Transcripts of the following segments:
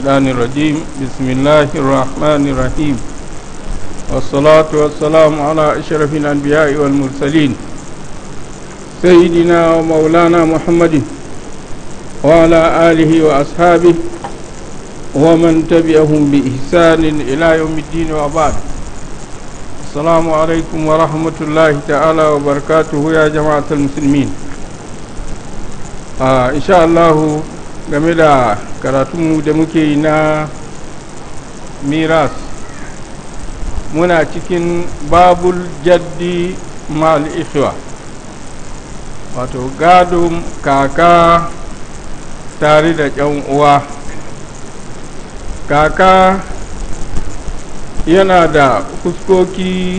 الشيطان الرجيم بسم الله الرحمن الرحيم والصلاة والسلام على أشرف الأنبياء والمرسلين سيدنا ومولانا محمد وعلى آله وأصحابه ومن تبعهم بإحسان إلى يوم الدين وبعد السلام عليكم ورحمة الله تعالى وبركاته يا جماعة المسلمين آه إن شاء الله game da karatunmu da muke yi na miras muna cikin babul jaddi mal ikhwa wato gadon kaka tare da yan uwa kaka yana da fuskoki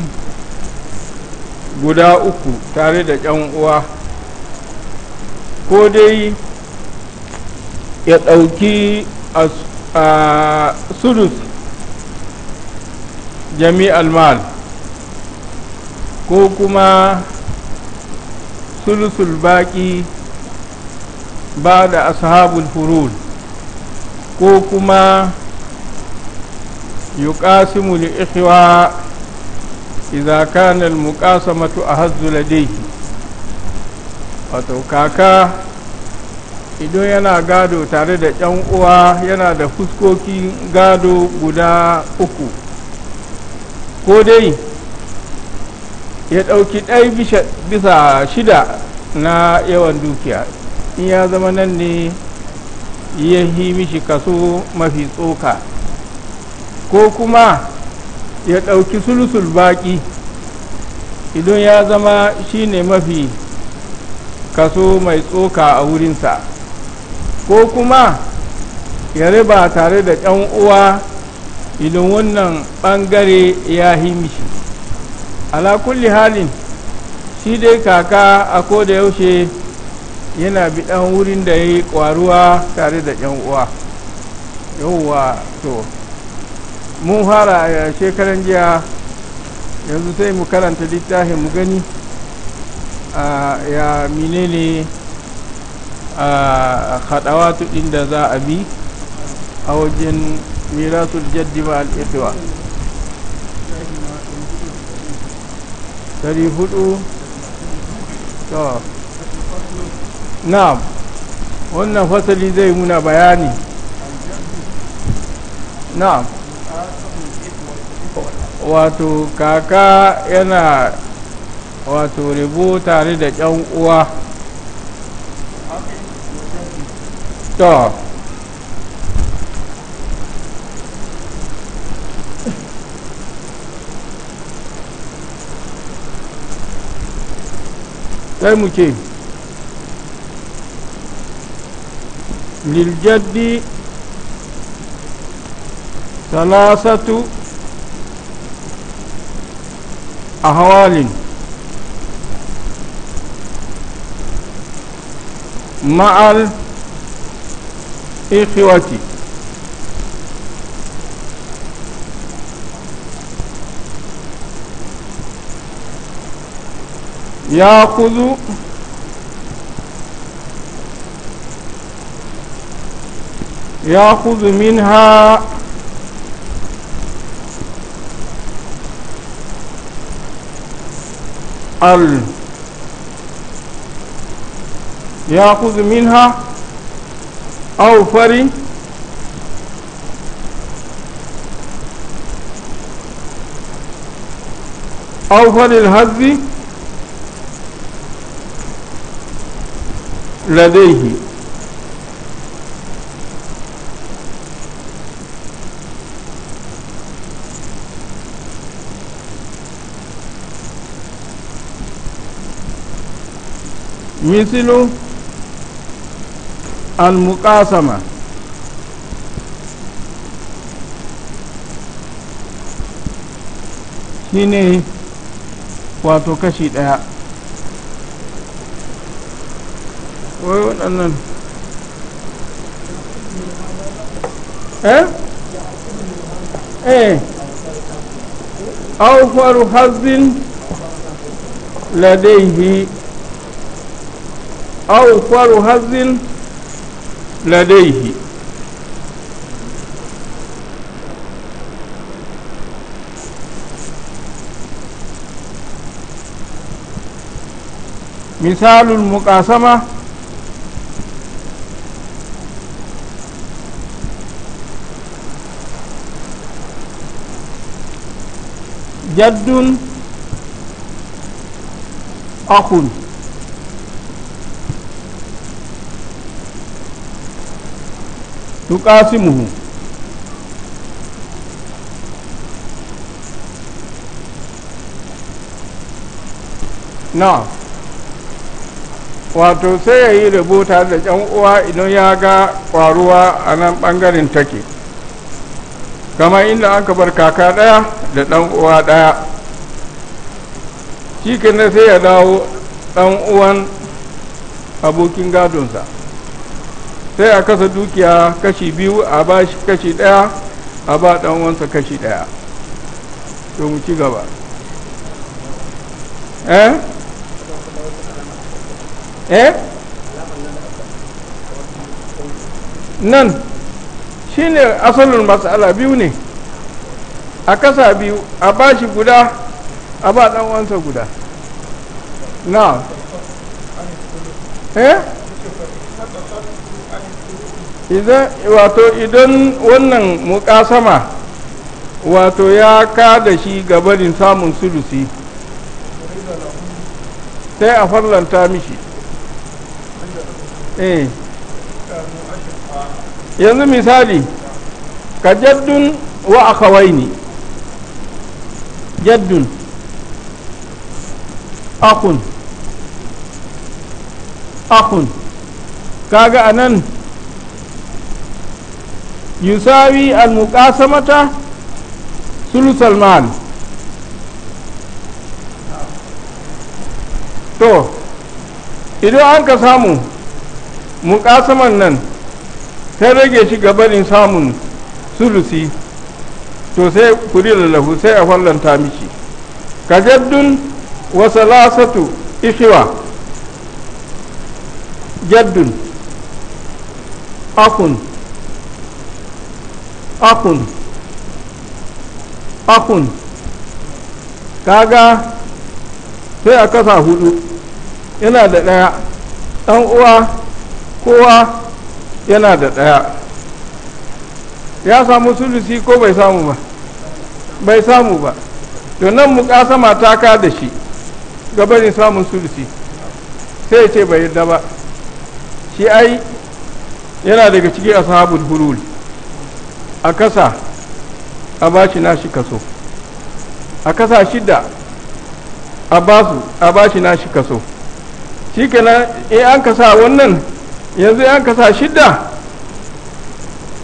guda uku tare da yan uwa ko dai ya ɗauki a sudus jami'al mal ko kuma sulusul baƙi ba da ashabul furul ko kuma yuqasimu li ikhwa idza kana al muqasamatu ahazzu ladayhi wato kaka idan yana gado tare da ɗan uwa yana da fuskokin gado guda uku ko dai ya ɗauki ɗai bisa shida na yawan dukiya in ya zama nan ne ya yi mishi kaso mafi tsoka ko kuma ya ɗauki sulusul baƙi idan ya zama shine mafi kaso mai tsoka a wurinsa ko kuma ya riba tare da ɗan uwa idan wannan ɓangare ya himi shi. ala kulli halin shi dai kaka a koda yaushe yana bi ɗan wurin da ya yi ƙwaruwa tare da ɗan uwa yauwa to mun fara a shekaran jiya yanzu sai mu karanta littafin mu gani ya menene ne a haɗawatu ɗin da za a bi a wajen mirasul jaddi ma al'ikuwa dari na wannan fasali zai muna bayani na wato kaka yana wato ribo tare da 'yan uwa star. كمكي للجد ثلاثة أهوال مع إخوتي يأخذ يأخذ منها ال يأخذ منها aufwari aufwari الحذف لديه مثل المقاسمة shine wato kashi ɗaya wai waɗannan eh لديه مثال المقاسمة جد أخ tuqasimuhu na wato sai ya yi rubuta da yan uwa idan ya ga ƙwaruwa a nan ɓangaren take kama inda an ka bar kaka ɗaya da ɗan uwa ɗaya shi sai ya dawo ɗan uwan abokin gadonsa sai a kasa dukiya kashi biyu a ba shi kashi ɗaya a ba ɗan wansa kashi ɗaya to mu ci gaba eh eh nan shi ne asalin matsala biyu ne a kasa biyu a ba shi guda a ba ɗan wansa guda na eh wato idan wannan mukasama wato ya ka da shi gabarin samun sulusi sai a farlanta mishi eh. yanzu misali ka jaddun wa akawaini jaddun akun akun kaga anan yusawi al-muqasamata sulusal mal to idan an ka samu muƙasaman nan ta rage shi gabanin samun sulusi to sai kuri lahu sai a fallanta miki jaddun wasu lasatu ishiwa jaddun akun akun akun kaga sai a kasa hudu yana da ɗaya ɗan uwa kowa yana da ɗaya ya samu sulusi ko bai samu ba bai samu ba to nan mukasama ta ka da shi gabari samun sulusi sai ce bai yarda ba shi ai yana daga cikin ashabul hulul a kasa a ba shi nashi kaso a kasa shida a ba su a ba shi nashi kaso shi kenan e an kasa wannan yanzu an kasa shida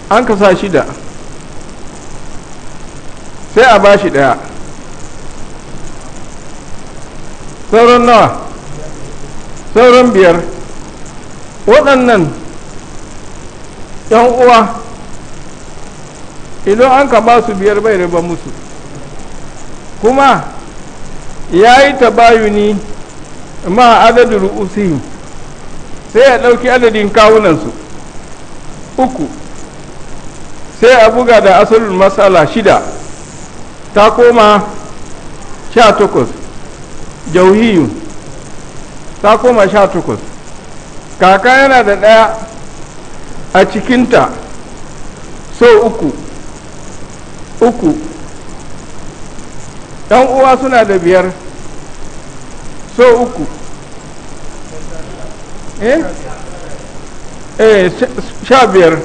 an kasa shida sai a ba shi daya sauran nawa sauran biyar waɗannan 'yan uwa idan an ka ba su biyar bai riba musu kuma ya yi tabayuni ma adadin ruusi sai ya ɗauki adadin kawunansu uku sai a buga da asalin matsala shida ta koma sha takwas jauhiyu ta koma sha takwas kaka yana da ɗaya a cikinta so uku uku ɗan uwa suna da biyar so uku eh eh sha biyar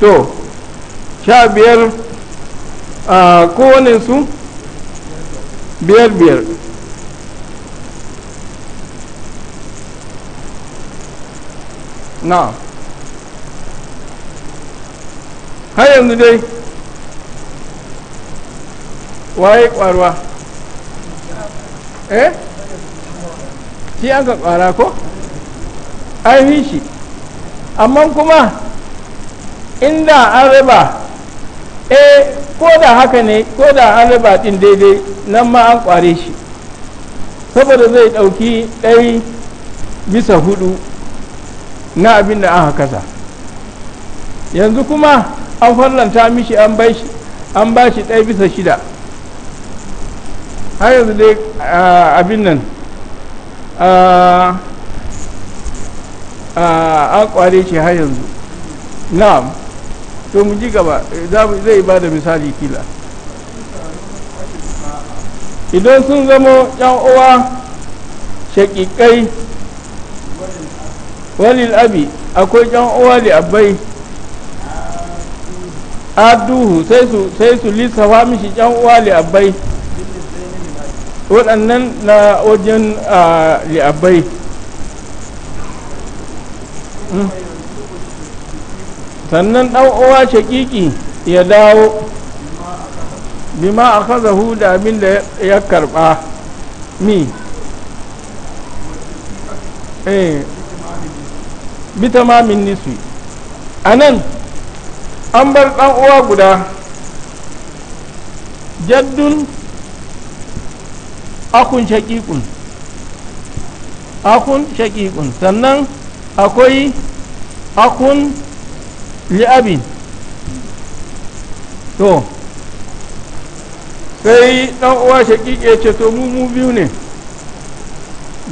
to sha biyar a kowane su biyar biyar na har yanzu dai waye kwaruwa eh shi an kwara ko ainihin shi amma kuma inda an riba eh ko da haka ne ko da an riba din daidai nan ma an kware shi saboda zai ɗauki ɗai bisa hudu na abin da aka kasa yanzu kuma an farlanta mishi an ba shi bisa shida har yanzu dai ah, abin nan an ah, ah, kware ce har yanzu na'am to mu ji gaba zai ba da misali kila idan sun zama yan uwa shakikai walil abi akwai yan uwa da abai aduhu sai su lissafa mishi yan uwa da abai waɗannan na wajen li'abai hmm? sannan ɗan'uwa shaƙiƙi ƙiƙi ya dawo bima a kaza da abin da ya karɓa mi eh. bita mamin nisu a nan an bar ɗan'uwa guda jaddun akun shaƙiƙun akun shaƙiƙun sannan akwai akun li'abin to sai ɗan uwa shaƙiƙe ya ce to mu mu biyu ne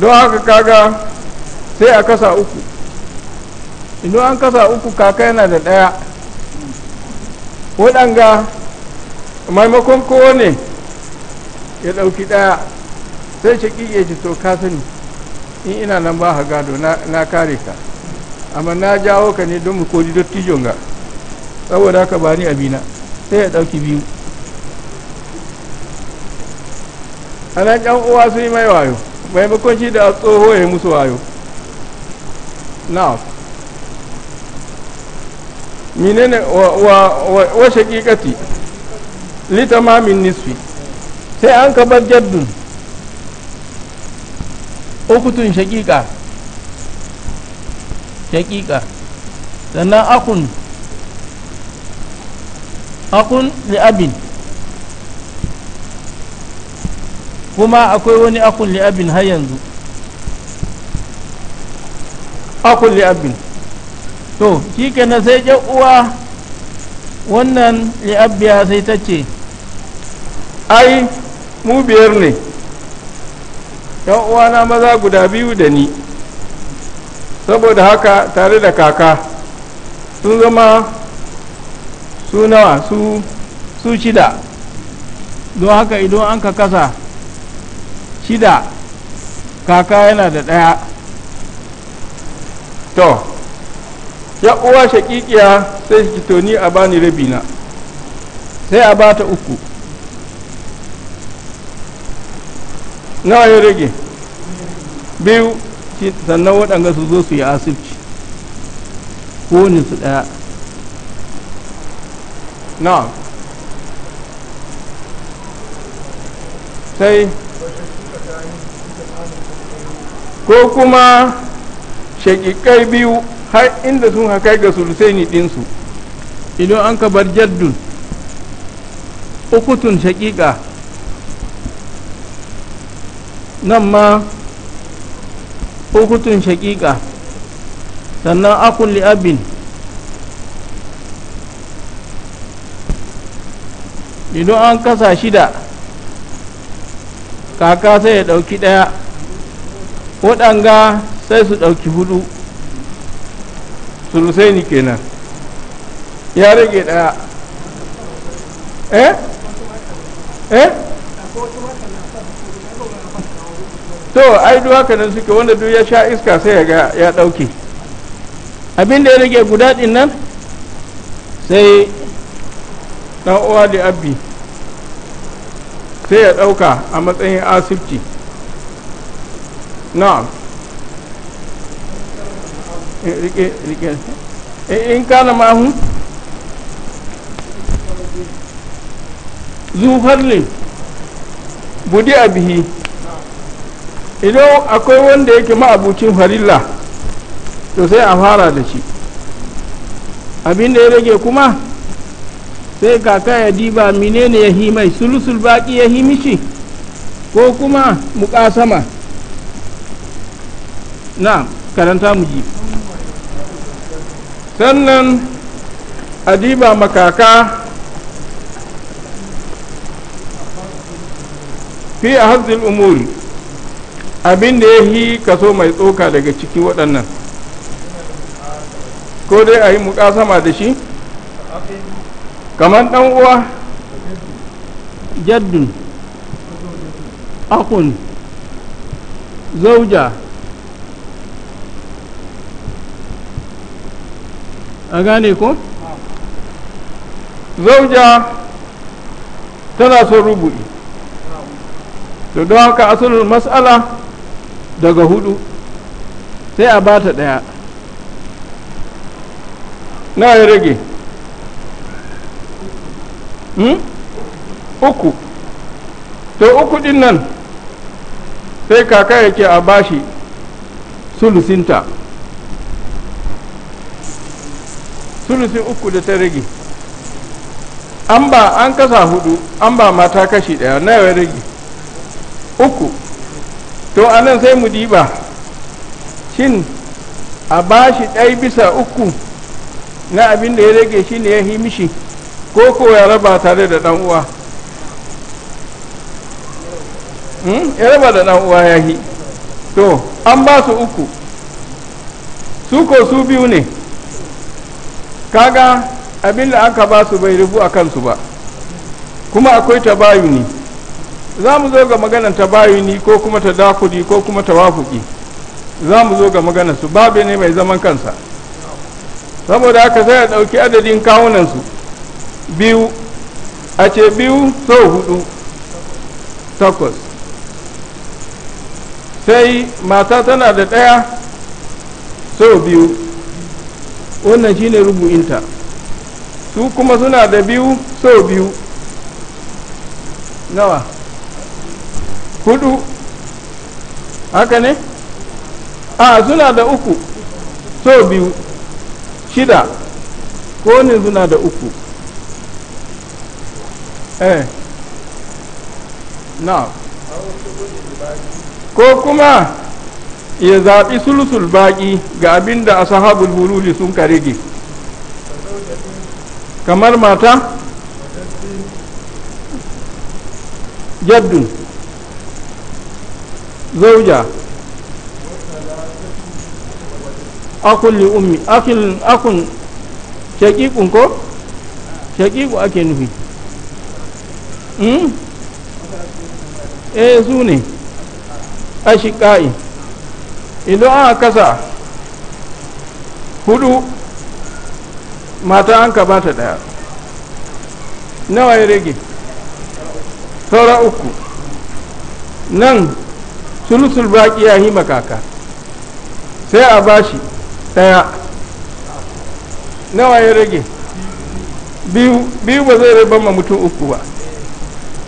don haka kaga sai a kasa uku idan an kasa uku kaka yana da ɗaya waɗanga maimakon kowane ya ɗauki ɗaya sai ce kike ce to ka sani in ina nan ba ha gado na kare ka amma na jawo ka ne don mu koji dattijon ga saboda ka ba abina sai ya ɗauki biyu ana nan uwa sun yi mai wayo maimakon shi da tsoho ya yi musu wayo na'am menene wa shaƙiƙati litamamin nisfi sai an kabar jaddun ukutun shakika shakika sannan akun akun li'abin kuma akwai wani akun li'abin har yanzu akun li'abin to shi kenan sai uwa wannan li'abbiya sai ta ce ai mu biyar ne yan uwana maza guda biyu da ni saboda haka tare da kaka sun zama su nawa su shida don haka idan an ka kasa shida kaka yana da ɗaya to ya uwa shaƙiƙiya sai shi a bani rabina sai a ba ta uku na ya rage biyu sannan waɗanda su zo su yi asibci ne su ɗaya na sai ko kuma shakikai biyu har inda sun haka ga sulusaini ɗinsu idan an ka bar jaddun ukutun shaƙiƙa. nan ma ukutun shaƙiƙa sannan akun li'abin idan an kasa shida kaka sai ya ɗauki ɗaya waɗanga sai su ɗauki hudu sulusaini kenan ya rage ɗaya eh eh to ai duk haka nan suke wanda duk ya sha iska sai ya ga ya dauke abin da ya rage guda din nan sai dan uwa da abbi sai ya dauka a matsayin asibiti na eh, rike rike eh, in kana mahu zuharlin budi abihi idan akwai wanda yake ma'abucin farilla to sai a fara da shi abin da ya rage kuma sai kaka ya diba menene ya mai sulusul baki ya himishi ko kuma mukasama na karanta mu ji sannan a diba makaka fi a umuri abin da ya yi kaso mai tsoka daga ciki waɗannan ko dai a yi mukasama da shi kamar ɗan uwa jaddun akun zauja a gane ko? zauja tana son rubu'i to don haka asalin mas'ala daga hudu sai a bata ta ɗaya na ya rage hmm? uku to uku din nan sai kaka yake a bashi sulusinta sulusin uku da ta rage an ba an kasa hudu an ba mata kashi daya na ya rage uku to a nan sai mu diba shin a bashi shi ɗai bisa uku na abin da ya rage shi ne ya yi mishi ko ko ya raba tare da ɗan uwa hmm? ya raba da ɗan uwa ya yi to an ba su uku su ko su biyu ne kaga abin da aka ba su bai rufu a kansu ba kuma akwai tabayuni za mu zo ga ta tabayuni ko kuma ta dakuri ko kuma ta wafuki za mu zo ga magana su babe ne mai zaman kansa saboda aka sai a ɗauki adadin kawunansu biyu a ce biyu so hudu takwas sai mata tana da ɗaya so biyu wannan shine rubu'inta su kuma suna da biyu so biyu nawa hudu haka ne a suna da uku so biyu shida ko ne suna da uku eh na ko kuma ya zaɓi sulusul baƙi ga abin da asahabul hululi sun karege kamar mata jaddun zauja akun li ummi akun akun shaqiqun ko shaqiqu ake nufi hmm eh su ne ashiqai idan aka kasa hudu mata an ka bata daya nawa ya rage saura uku nan sulusul baki ya yi makaka sai a bashi ɗaya nawa ya rage biyu ba zai rabar ma mutum uku ba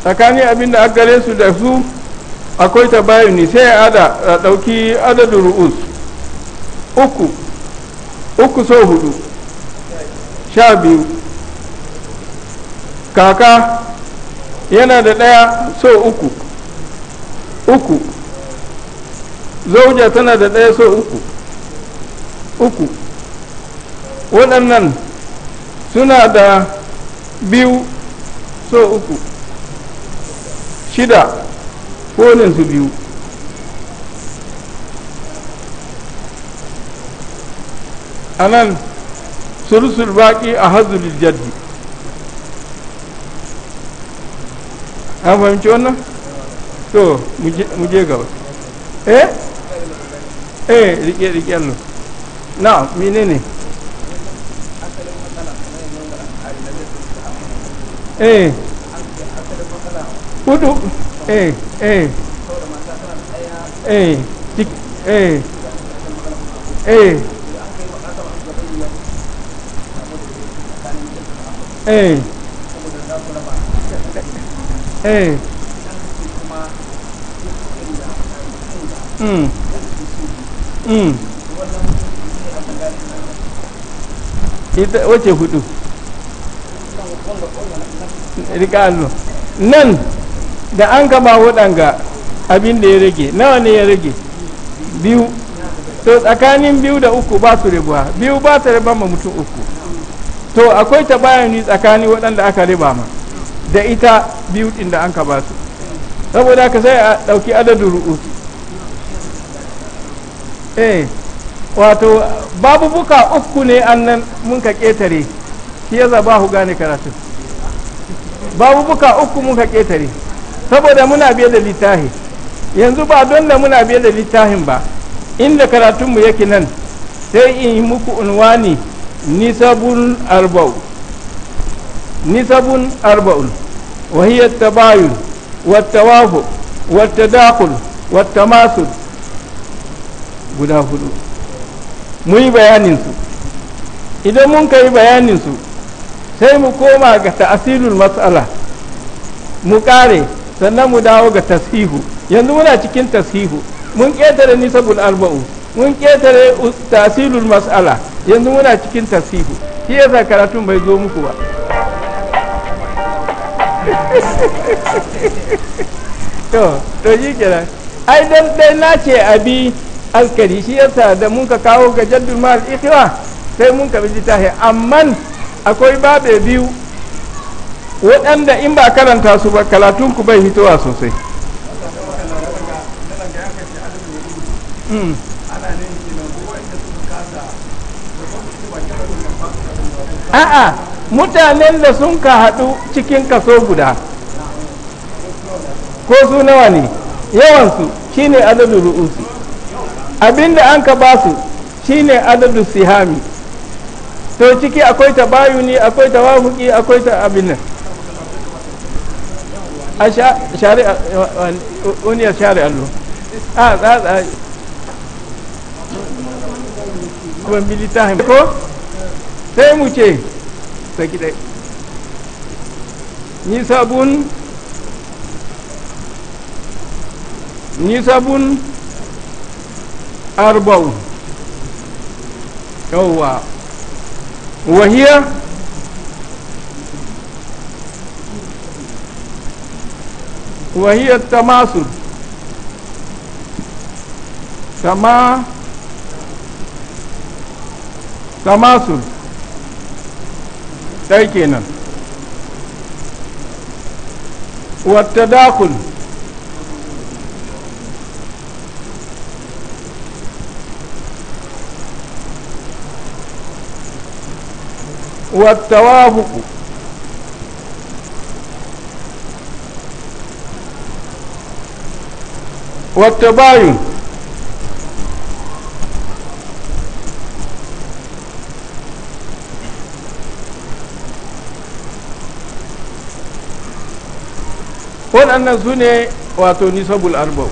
tsakanin abinda a gare su da su akwai ta ne sai ya ada a ɗauki adadin ru'us uku uku so hudu sha biyu kaka yana da ɗaya so uku uku zauja tana da ɗaya so uku uku waɗannan suna da biyu so uku shida su biyu a nan surusul baƙi a hazulil jaddi an fahimci wannan to mu je gaba eh eh rike rike nan na menene ne eh hudu eh eh eh eh eh eh eh mm Mm. wace hudu riƙa nan da an gaba waɗanga abin da ya rage nawa ne ya rage biyu to tsakanin biyu da uku ba su rabuwa biyu ba su raba ma mutum uku to akwai ta bayani tsakanin waɗanda aka riba ma da ita biyu ɗin da an ka ba su saboda ka sai a ɗauki adadin ru'usu eh wato babu buka uku ne annan mun ka ketare shi ya zaba hu gane karatu babu buka uku mun ka ketare saboda muna biye da littafi yanzu ba don da muna biye da littafin ba inda karatunmu yake nan sai in yi muku unwani nisabun arba'u nisabun arba'un wafo wata dakul wata والتماثل guda hudu mu yi bayaninsu idan mun ka yi bayaninsu sai mu koma ga ta'asilul matsala mu kare sannan mu dawo ga tasihu yanzu muna cikin tasihu mun ƙetare nisabul alba'u mun ƙetare ta'asilul matsala yanzu muna cikin tasihu shi sa karatun bai zo muku ba to to shi kira ai dan dai na ce abi askari shi yasa da mun ka kawo ga jaddul mal ikhwa sai mun ka bi littafi amma akwai babe biyu waɗanda in ba karanta su ba karatun ku bai hitowa sosai hmm. a'a mutanen da sun ka haɗu cikin kaso guda ko su nawa ne yawansu shine adadin ru'usi abinda an ka basu shine adadu sihami to ciki akwai ta bayuni akwai ta tawafuki akwai ta abin nan a shari'a wani shari'a allo a tsatsa ban militahim ko sai mu ce saki ɗai nisabun nisabun arba'u yawwa wahiya wahiya tamasud sama tamasud ɗai والتوافق والتباين waɗannan su ne wato nisabul arba'u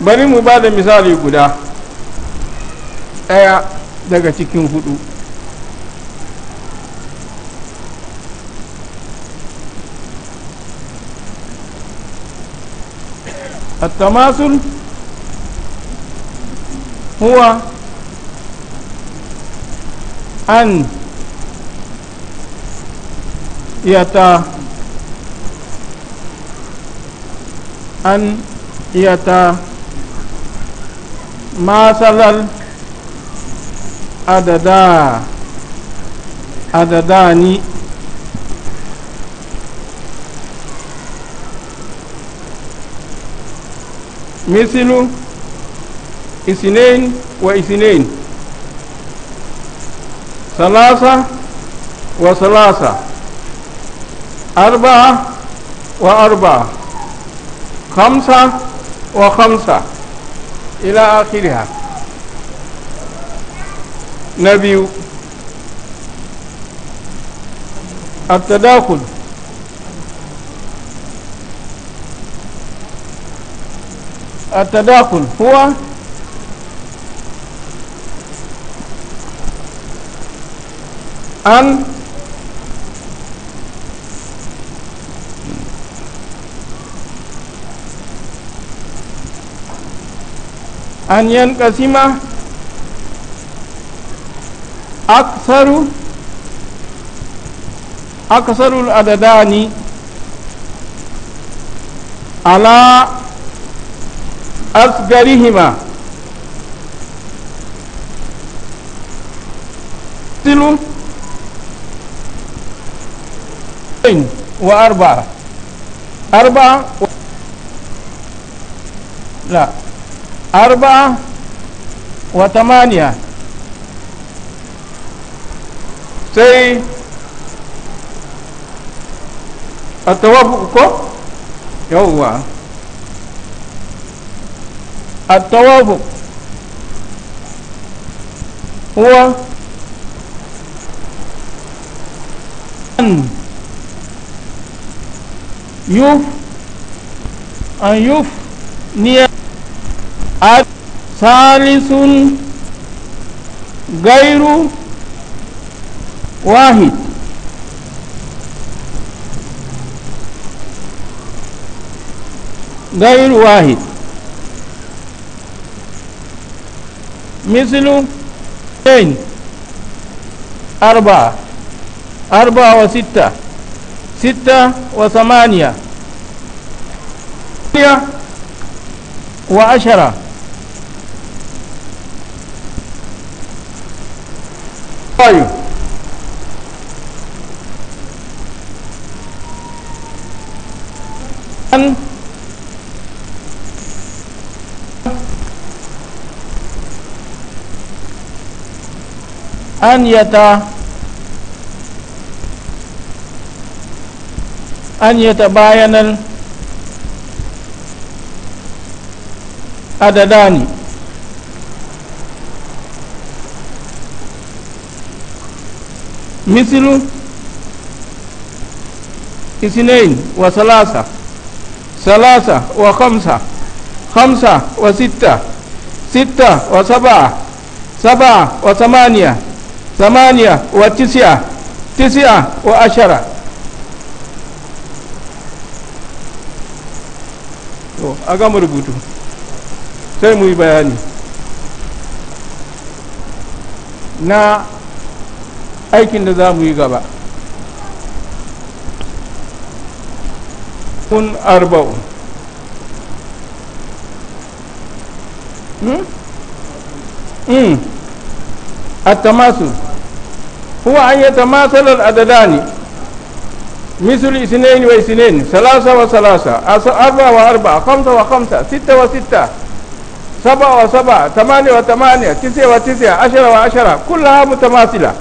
bari mu ba da misali guda ɗaya daga cikin hudu التماثل هو أن يتا أن يتا ما سلل adada ni misilu isinain wa isinain salasa wa salasa arba'a wa arba'a khamsa wa khamsa ila akhiriha na biyu attadakul attadakul huwa an an yan kasimah aksaru aksarul adadani ala asgarihima tilu wa arba'a arba'a la arba'a wa tamaniya sai a tawafu ko yawwa a tawafu huwa an yuf an yuf niya a salisun gairu واحد غير واحد مثل اثنين أربعة أربعة وستة ستة وثمانية وعشرة طيب Dan an yata an yata bayanan adadani misilu isinain wa salasa ثلاثة وخمسة خمسة وستة ستة وسبعة سبعة وثمانية ثمانية وتسعة تسعة وعشرة a gama rubutu sai mu yi bayani na aikin da za mu yi gaba تكن أربع التماثل هو أن يتماثل الأددان مثل اثنين واثنين ثلاثة وثلاثة أربعة وأربعة خمسة وخمسة ستة وستة سبعة وسبعة ثمانية وثمانية تسعة وتسعة عشرة وعشرة كلها متماثلة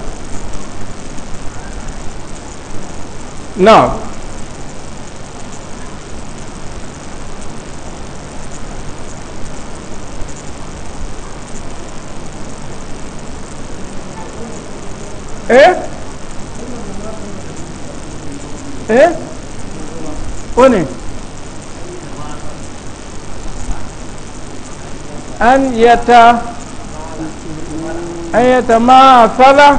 نعم no. eh eh kone an yata an yata ma fala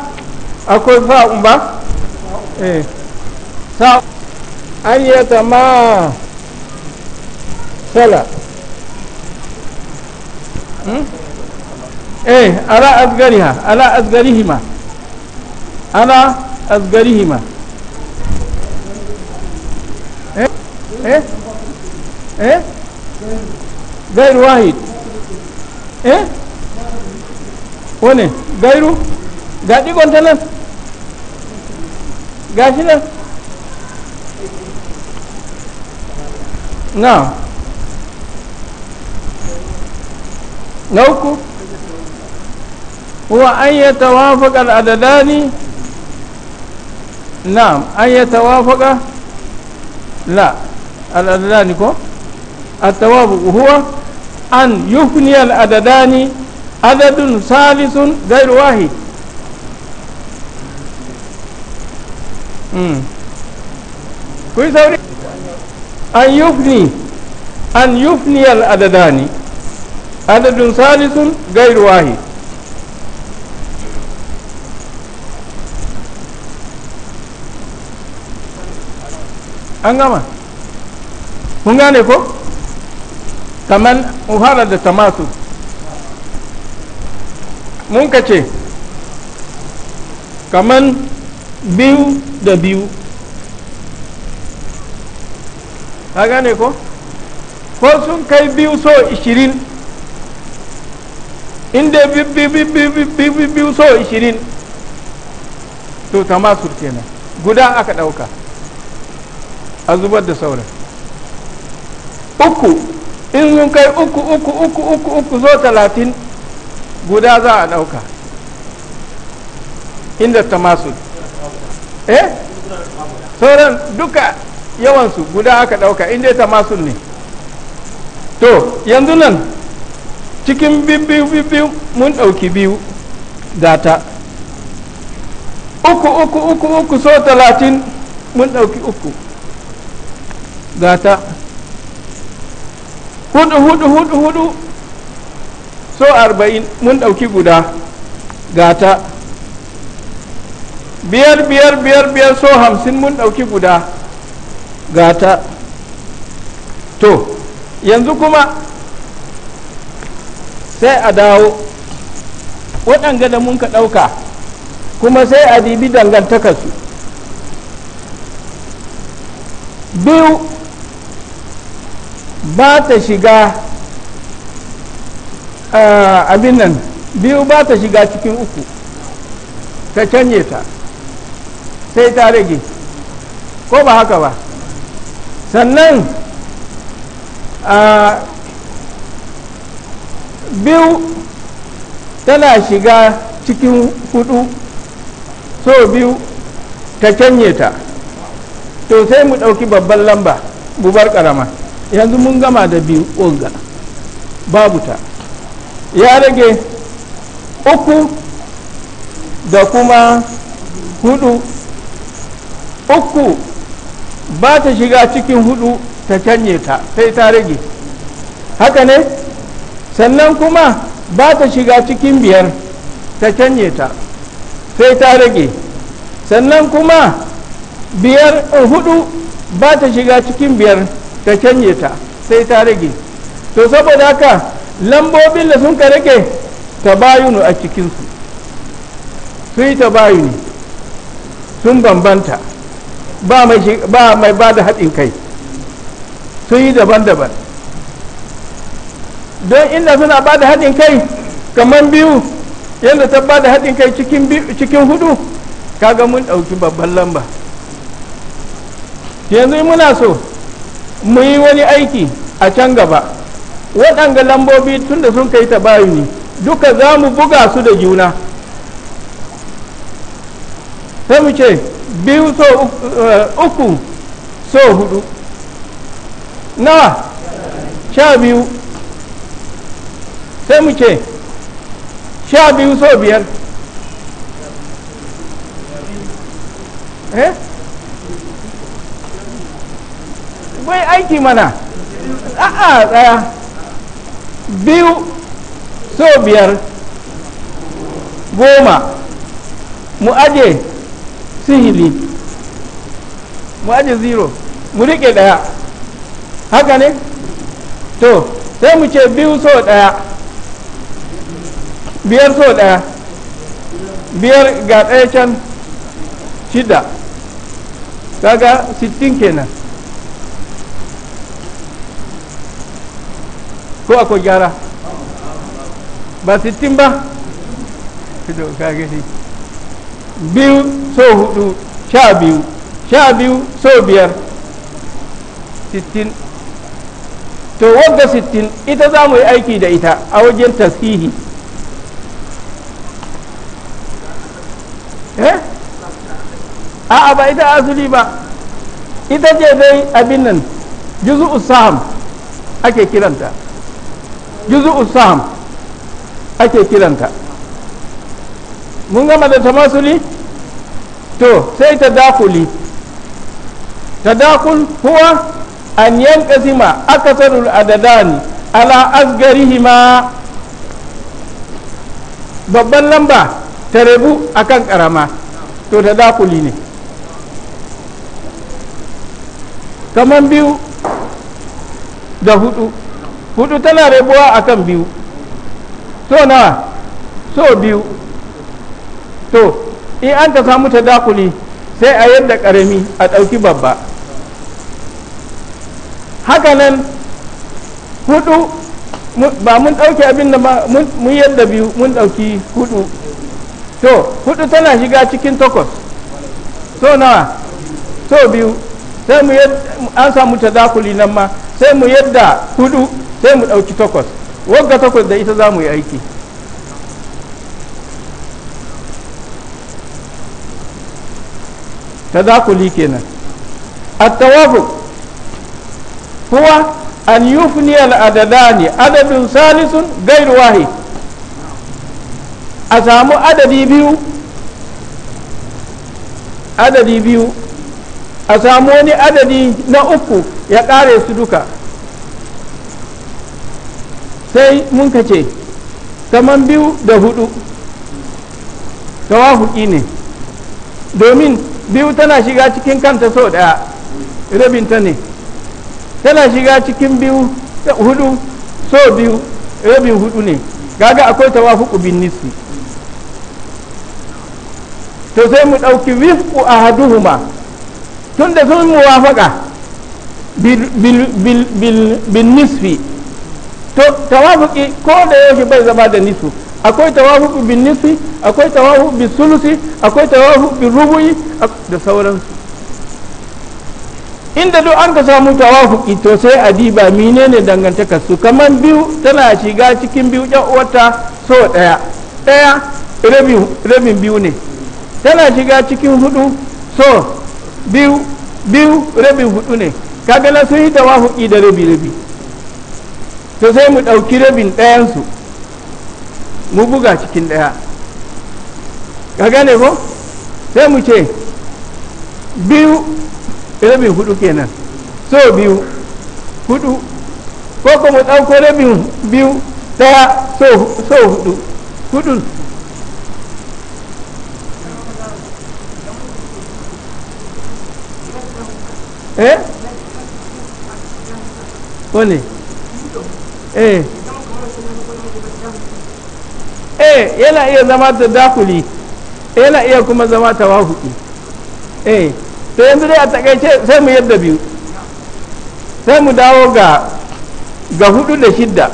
akwai fa'un ba eh sa an yata ma fala hmm? eh ala asgariha ala asgarihima ala asgarihima eh eh eh غير واحد eh wane gairu ga digonta nan ga shi nan na na uku huwa an yi tawafaƙar adadani نعم أن يتوافق لا الأدلان التوافق هو أن يفني الأددان عدد ثالث غير واحد كويس أن يفني أن يفني الأددان عدد ثالث غير واحد an gama kun gane ko kamar fara da tamatu mun ka ce kamar biyu da biyu ka gane ko ko sun kai biyu so ishirin inda biyu so ishirin to tamasur kenan guda aka ɗauka a zubar da sauran uku in sun kai uku uku uku uku uku zo talatin guda za a ɗauka inda ta masu eh sauran duka yawansu guda aka ɗauka inda ta masu ne to yanzu nan cikin biyu mun ɗauki biyu data uku uku uku uku so talatin mun ɗauki uku gata hudu hudu hudu hudu so arba'in mun ɗauki guda gata biyar biyar biyar biyar so hamsin mun ɗauki guda gata to yanzu kuma sai a dawo waɗanga da mun ka ɗauka kuma sai a dibi dangantakarsu biyu ba ta shiga eh, abin nan biyu ba ta shiga cikin uku ta canye ta sai ta rage ko ba haka ba sannan eh, biyu tana shiga cikin hudu so biyu ta canye ta to sai mu ɗauki babban lamba bubar ƙarama yanzu mun gama da biyu ƙogga babu ta ya rage uku da kuma hudu uku ba ta shiga cikin hudu ta canye ta sai ta rage haka ne sannan kuma ba ta shiga cikin biyar ta canye ta sai ta rage sannan kuma biyar hudu ba ta shiga cikin biyar ka canye ta sai ta rage to saboda haka lambobin da sun ka rage bayunu a cikinsu sun yi ta tabayuni sun bambanta ba mai ba da haɗin kai sun yi daban-daban don inda suna ba da haɗin kai kamar biyu yadda ta ba da haɗin kai cikin hudu kaga mun ɗauki babban lamba yanzu muna so mu yi wani aiki a can gaba waɗanga lambobi tun da sun kai tabayuni duka za mu buga su da juna sai mu ce biyu so eh, uku so hudu na sha biyu sai mu ce sha biyu so biyar eh bai aiki mana a'a tsaya biyu so biyar goma mu aje sihili mu aje zero mu rike daya haka ne to sai mu ce biyu so daya biyar so daya biyar ga daya can shida kaga sittin kenan ko akwai gyara ba sittin ba fito ka gani biyu so hudu sha biyu sha biyu so biyar sittin to wadda sittin ita za mu yi aiki da ita a wajen tasihi eh a'a ba ita asuli ba ita ce dai abin nan juzu'u saham ake kiranta juzu usam ake kiranta mun gama da tamasuli to sai ta dakuli ta dakul huwa an yankasima akasarul adadani ala asgarihima babban lamba ta rabu akan karama to ta dakuli ne kaman biyu da hudu hudu tana rabuwa a kan biyu so nawa so biyu to in an ka samu dakuli sai a yadda karami a ɗauki babba hakanan hudu ba mun ɗauki abin da mun yadda biyu mun ɗauki hudu to hudu tana shiga cikin takwas so nawa so biyu sai mu an samu dakuli nan ma sai mu yadda hudu sai mu ɗauki takwas wagga takwas da ita za mu yi aiki ta nan kenan attawafu kuwa an adada ne adadin salisun gairu wahi a samu adadi biyu adadi biyu a samu wani adadi na uku ya ƙare su duka sai mun ka ce kamar biyu da hudu tawafuki ne domin biyu tana shiga cikin kanta sau daya rabinta ne tana shiga cikin biyu hudu so biyu rabin hudu ne gaga akwai tawafuku bin nisfi to sai mu ɗauki wifku a haduhuma tun da sun muwafaka bin nisfi to tawafuki ko da yaushe bai zama da nisu akwai tawafuki bin nisu akwai tawafuki bin sulusi akwai tawafuki bin rubuyi da sauransu inda duk an ka samu tawafuki to sai a diba menene dangantaka su kamar biyu tana shiga cikin biyu ƴan uwarta so ɗaya ɗaya rabin biyu ne tana shiga cikin hudu so biyu biyu rabin hudu ne kaga na sun yi tawafuki da rabi rabi to sai mu ɗauki rabin ɗayansu mu buga cikin ɗaya ka gane ko sai mu ce biyu rabin hudu kenan so biyu hudu ko kuma ɗauko rabin biyu ɗaya so hudu hudun eh? wani eh eh yana iya zama ta dakuli yana iya kuma zama ta wahudi eh to yanzu dai a takaice sai mu yadda biyu sai mu dawo ga ga hudu da shidda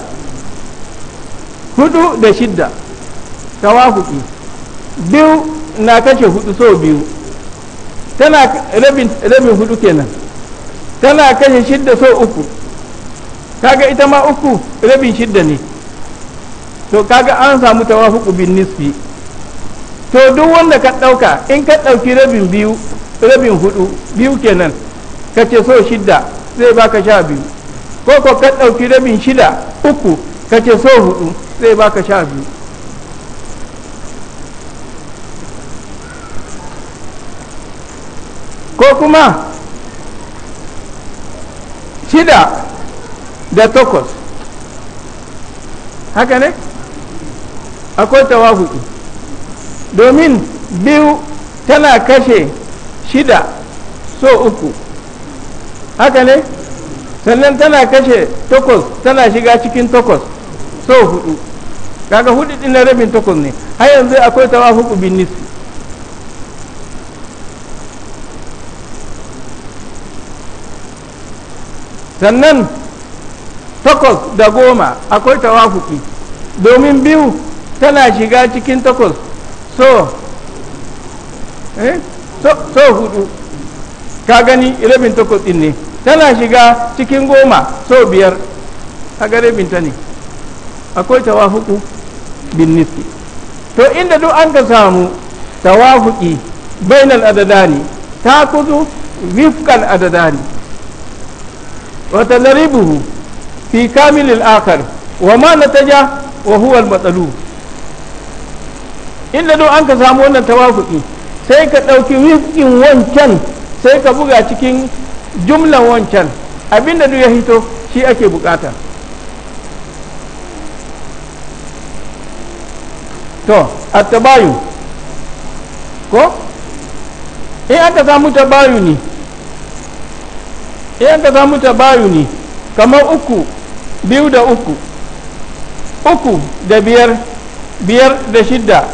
hudu da shidda ta wahudi biyu na kashe hudu so biyu tana rabin hudu kenan tana kashe shidda so uku kaga ita ma uku rabin shidda ne to kaga an samu tawafuqu bin nisfi to duk wanda ka ɗauka in ka ɗauki rabin biyu rabin hudu biyu kenan ka ce so shidda zai baka sha biyu ko ko ka ɗauki rabin shida uku ka ce so hudu zai baka sha biyu ko kuma shida da takwas haka ne akwai tawafuki domin biyu tana kashe shida so uku haka ne sannan tana kashe takwas tana shiga cikin takwas so hudu kaga hudu din na rabin takwas ne har yanzu akwai tawafuku bin nisfi sannan takwas da goma akwai tawafuki domin biyu tana shiga cikin takwas so eh, so, hudu ka gani rabin takwas din ne tana shiga cikin goma so biyar a rabin ta ne akwai tawafuku bin nisfi to inda duk an ka samu tawafuki bainal adadani ta kuzu wifkan adadani wata laribuhu fi كامل akhar wa ma وهو wa huwa al inda don an ka samu wannan tawafuki sai ka ɗauki wifkin wancan sai ka buga cikin jumlan wancan abinda duk ya hito shi ake bukata to attabayu ko in aka samu tabayu ne in aka samu tabayu ne kamar uku biyu da uku uku da biyar biyar da shida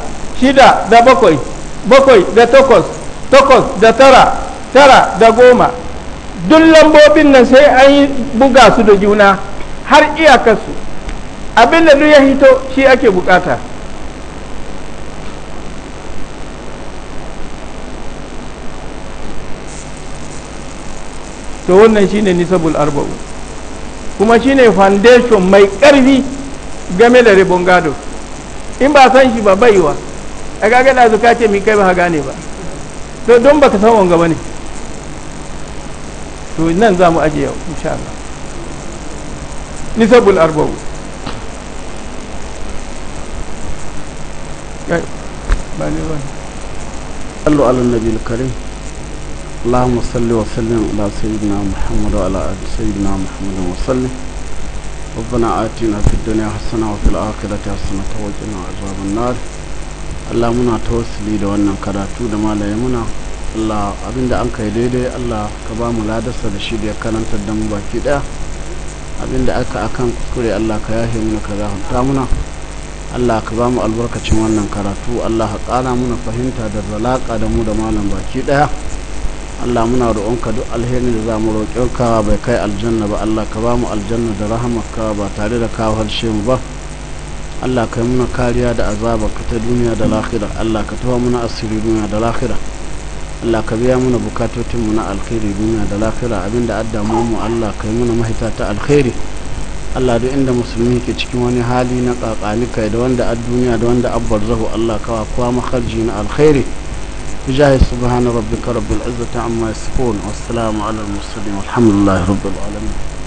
shida da bakwai bakwai da takwas takwas da tara tara da goma duk lambobin nan sai an yi buga su da juna har iyakarsu abinda duk ya hito shi ake bukata to wannan shine nisabul arba'u kuma shine foundation mai ƙarfi game da ribon gado in ba san shi ba baiwa a gaga da zuka ce mi kai ba gane ba to don baka san wanga ne to nan za mu aje yau insha Allah nisabul arba'u ba ne ba sallu ala nabiyil karim اللهم صل وسلم على سيدنا محمد وعلى ال سيدنا محمد وسلم ربنا آتنا في الدنيا حسنه وفي الاخره حسنه وقنا عذاب النار الله muna tawassuli da wannan karatu da malaye muna Allah abinda an kai daidai Allah ka ba mu ladarsa da shi da ya karanta da mu baki daya abinda aka akan kuskure Allah ka yahe muna ka zahanta muna Allah ka ba mu albarkacin wannan karatu Allah ka kara muna fahimta da zalaka da mu da malam baki daya Allah muna roƙonka duk alherin da za mu ka bai kai aljanna ba Allah ka ba mu aljanna da rahamarka ba tare da ka harshe mu ba Allah kai muna kariya da azabarka ta duniya da lahira Allah ka tawa muna asiri duniya da lahira Allah ka biya muna bukatotin mu na alkhairi duniya da lahira abinda adda mu Allah kai muna mahita ta alheri. Allah duk inda musulmi ke cikin wani hali na kakali kai da wanda a duniya da wanda abbar zahu Allah kawa kwa makarji na alkhairi بجاه سبحان ربك رب العزة عما يصفون والسلام على المرسلين والحمد لله رب العالمين